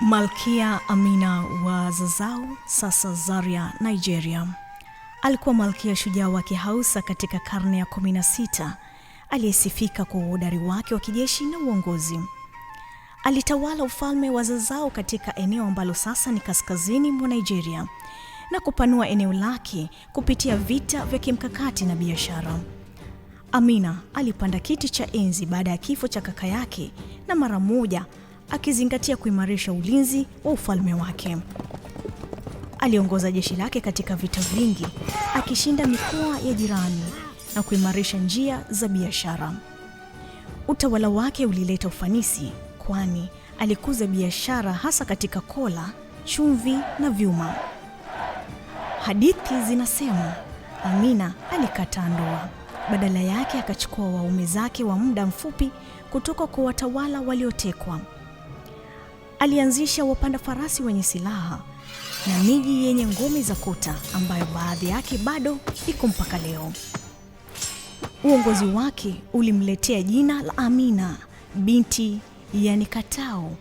Malkia Amina wa Zazau, sasa Zaria, Nigeria, alikuwa malkia shujaa wa Kihausa katika karne ya 16 aliyesifika kwa uhodari wake wa kijeshi na uongozi. Alitawala ufalme wa zazao katika eneo ambalo sasa ni kaskazini mwa Nigeria na kupanua eneo lake kupitia vita vya kimkakati na biashara. Amina alipanda kiti cha enzi baada ya kifo cha kaka yake na mara moja akizingatia kuimarisha ulinzi wa ufalme wake. Aliongoza jeshi lake katika vita vingi, akishinda mikoa ya jirani na kuimarisha njia za biashara. Utawala wake ulileta ufanisi, kwani alikuza biashara hasa katika kola, chumvi na vyuma. Hadithi zinasema Amina alikataa ndoa, badala yake akachukua waume zake wa muda mfupi kutoka kwa watawala waliotekwa alianzisha wapanda farasi wenye silaha na miji yenye ngome za kuta ambayo baadhi yake bado iko mpaka leo. Uongozi wake ulimletea jina la Amina binti yani Katao